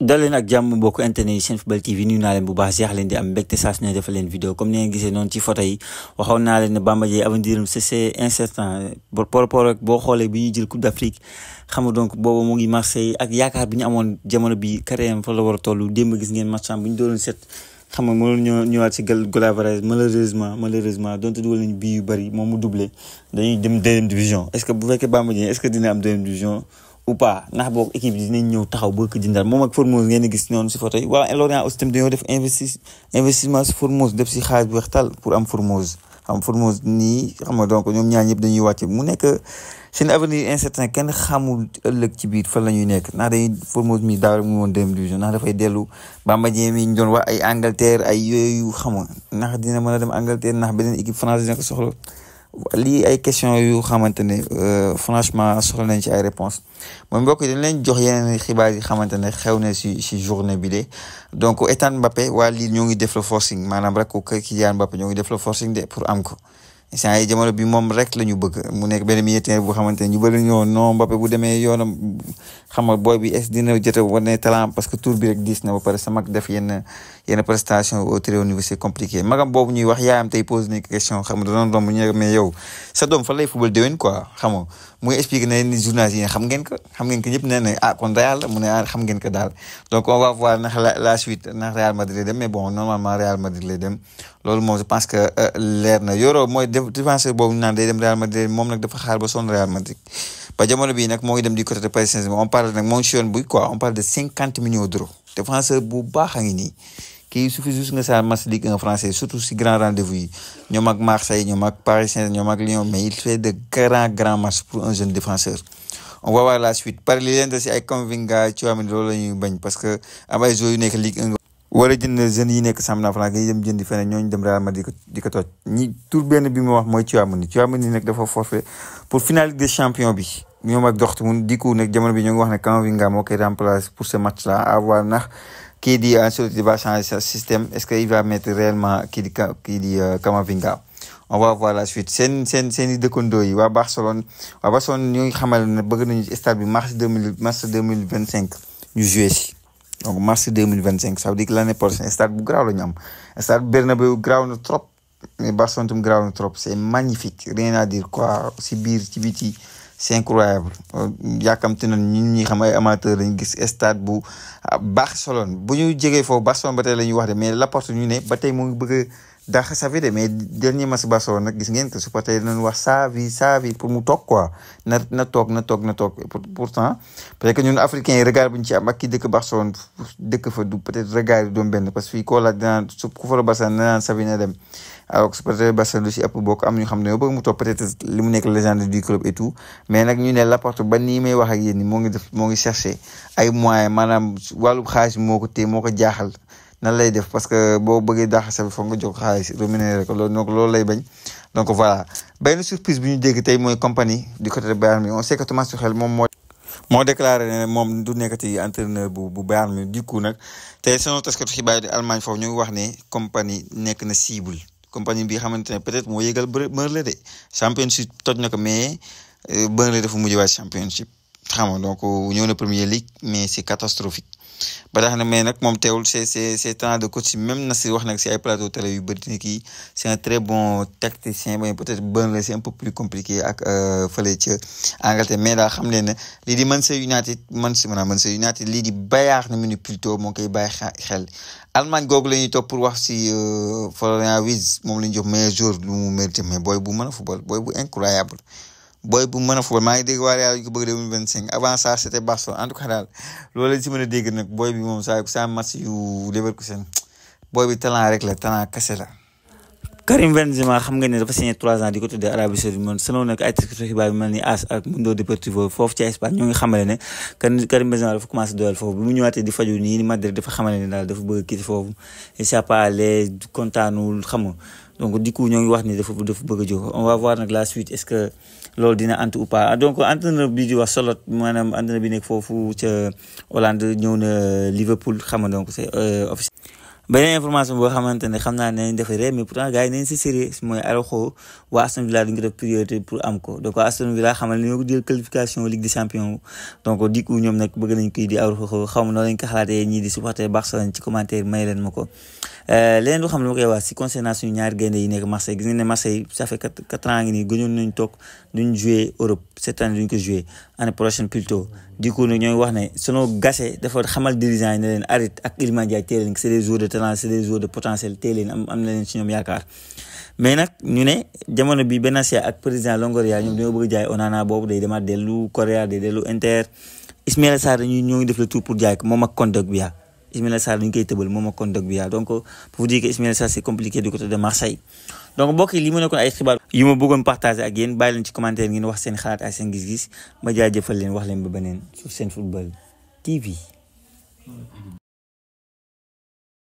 dal leen ak jàmm mbokk internet yi Senfootball TV nuyu naa leen bu baax seex leen di am mbégte saa su ne defal leen vidéo comme ni gisee noonu ci photo yi naa leen ne Bamba Dieng avenir c'est incertain par rapport boo xoolee bi ñuy jël Coupe d'Afrique xam donc boobu mu ngi Marseille ak yaakaar bi ñu amoon jamono bi carrière fa war a toll démb ngeen match am bu ñu doon set xam nga mënoon ñëw ñëwaat si Gol malheureusement bii yu bëri moom mu doublé dañuy dem deuxième division est-ce que bu fekkee Bamba ou pas ndax boog équipe yi dinañ ñëw taxaw bëgg jëndal moom ak Formose ngeen di gis noonu si photo yi waa Lorient aussi tamit dañoo def investi Formose def si xaalis bu weex pour am Formose am Formose nii xam nga ñoom ñaar ñëpp dañuy wàcc mu nekk seen avenir incertain kenn xamul ëllëg ci biir fan la ñuy nekk ndax dañuy Formose mi daaw rek mu woon deuxième division ndax dafay dellu Bamba Dieng mi ñu doon wax ay Angleterre ay yooyu xam nga ndax dina mën a dem Angleterre ndax beneen équipe française dina ko lii ay question yu xamante ne euh, franchement soxla nañ ci ay réponse mooy mbokk dañ leen jox yeneen xibaar yi xamante ne xew na si si journée bi de donc Etan Mbappé waa lii ñoo ngi def le forcing maanaam rek ku Kylian Mbappé ñoo ngi def le forcing de pour am ko sant yi jamono bi moom rek la ñu bëgg mu nekk benn milieu terrain bu xamante ne ñu bëri ñoo non Mbappé bu demee xam nga booy bi est dina jot a parce que tour bi rek diis na ba pare def yenn yenn prestation au très haut niveau c'est compliqué bu ñu mais yow sa doom fan lay football déwén quoi xam ngeen ko xam ngeen ñëpp ah, ne ah xam ngeen ko daal donc on va voir ndax la la suite ndax Real Madrid lay dem mais bon normalement Real Madrid lay dem loolu moom je pense que euh, leer na Yoro mooy défenseur boobu ñu naan day dem Real Madrid moom nag dafa xaar ba son Real Madrid ba jamono bii nag moo ngi dem di côté de Paris Saint-Germain on parle nag moo ngi si yoon bi quoi on parle de cinquante millions d'euros défenseur bu baax a ngi nii kii su juste nga sa match Ligue 1 français surtout si grand rendez-vous yi ñoom ak Marseille ñoom ak Paris Saint-Germain ñoom ak Lyon mais il fait de grands grands matchs pour un jeune défenseur. on va voir la suite par li leen si ay Camavinga Tchouaméni loolu la ñuy bañ parce que am ay joueurs yu nekk Ligue 1 wala jënd jeunes yi nekk championnat France yi dem jëndi fene ñooñu dem Real Madrid di ko toj ñi tur benn bi mu wax mooy Tchouaméni Tchouaméni nag dafa forfait pour finale des champions bi ñoom ak Dortmund di ko nag jamono bi ñu ngi wax ne Camavinga moo koy remplacer pour ce match là à voir ndax kii di Ancelotti va changer sa système est-ce que il va mettre réellement kii di kii di euh, Camavinga on va voir la suite seen seen seen i dëkkandoo yi waa Barcelone waa Barcelone ñu xamal ne bëgg nañu stade bi mars 2000 mars 2025 ñu joué si. donc mars deux mille vingt cinq ça veut dire que l' année prochaine stade bu garaaw la ñu am stade Bernabeu garaaw trop mais Barcelone tam garaaw na trop c' est magnifique rien à dire quoi si biir ci biti c' est incroyable euh, yàkkamti nañ ñun ñi xam ay amateur lañ gis stade bu ah, Barcelone bu ñu jegee foofu Barcelone ba tey la ñuy wax de mais Laporte ñu ne ba tey mu ngi bëgg dàq Safi de mais dernier match Barcelone nag gis ngeen que supporter yi nañu wax Xavi Xavi pour mu toog quoi na na toog na toog na toog pourtant peut-être que ñun africains yi regard bu ñu ci am ak ki dëkk Barcelone dëkk fa du peut-être regard benn parce que fii koo laaj dinaan su ku fa la Barcelone dem alors peut-être Bassirou du si ëpp bokk am ñu xam ne ba mu topp peut-être li mu nekk légende du club et tout mais nag ñu la porte ba nii may wax ak yéen ni moo ngi def moo ngi cherché ay moyens maanaam wàllu xaalis moo ko téye moo ko jaaxal nan lay def parce que bo bëggee daax sa bi nga jox xaalis rémunéré ko loolu donc loolu lay bañ donc voilà ben surprise bu ñu dégg tay moy compagnie du côté de Bayern on oh, sait que Thomas Tuchel mom mo mo déclarer né mom du nekati entraîneur bu bu Bayern du coup nag tey sunu taskatu xibaay yi di Allemagne foofu ñu wax né compagnie nek na cible compagnie bi xamante ne peut-être moo yëgal Burnley de championship toj na ko mais euh, Burnley dafa mujj waat championship. xam donc euh, ñëw na Premier League mais c'est catastrophique ba tax na mais nag moom teewul c'est c'est c'est temps de coach même na si wax nag si ay plateau télé yu bëri ne kii c'est un très bon tacticien mais peut-être bon la c'est un peu plus compliqué ak euh, fële ca Angleterre mais daal xam leen ne lii di Manchester United man si maanaam Manchester United lii di Bayern Munich plutôt moo koy bàyyi xel Allemagne googu la ñuy topp pour wax si euh, Florian Wirtz moom la ñu jox meilleur joueur lu mu mérité mais booy bu mën a football booy bu incroyable booy bu mën a fubal maa ngi dégg waa Real yu ko bëgg deux mille vingt cinq avant ça c' était Barcelone en tout cas daal loolu lañ si mën a dégg nag booy bi moom saa saa match yu Leverkusen booy bi talent rek la talent kese la. Karim Benzema xam nga ne dafa signé trois ans di ko tuddee Arabie Saoudite moom selon nag ay taskatu xibaar bi mel ni AS ak Mundo Deportivo foofu ci Espagne ñoo ngi xamale ne dafa xamale ne daal dafa bëgg kii foofu il pas à l'aise kontaanul xam donc du coup ngi wax ni dafa dafa bëgg a jóg on voir nag la suite est-ce que loolu dina ant ou pas donc entraîneur bi wax Solot maanaam entraîneur bi nekk foofu ca Hollande ñëw na Liverpool xam nga beneen information boo xamante ne xam naa ne nañ mais pourtant gars yi nañ si sérieux mooy Araujo waa Aston Villa def priorité pour am ko donc waa Aston Villa xamal ne ñoo ko jël qualification Ligue des Champions donc du coup ñoom nag bëgg nañ kii di Araujo xaw ma noo lañ ko xalaatee ñii di supporter Barcelone ci commentaire may leen ma ko Euh, leneen lu xam lu koy si concernant ñaari yi Marseille gis Marseille ça fait quatre ans que nii nañ toog duñ jouer Europe cette année duñ ko jouer année prochaine plutôt du coup nag wax ne sono gase dafa xamal dirigeant yi ne leen ak c'est des joueurs de talent c'est des de potentiel teel am mais nag ñu ne jamono bi ben ak président Longoria ñoom dañoo bëgg jaay Onana boobu day demaat dellu Correa day dellu Inter Ismaël Sarr ñoo ngi def le tout pour jaay ko ak Ismaïla Sarr dañ koy tëbal moom ak kon dog bi yaa donc pour vous dire que Ismaïla Sarr c'est compliqué du côté de Marseille donc mbokk yi li mu nekkoon ay xibaar yu ma bëggoon partager ak yéen bàyyi leen ci commentaire ngeen wax seen xalaat ak seen gis-gis ma leen wax leen ba beneen sur seen football TV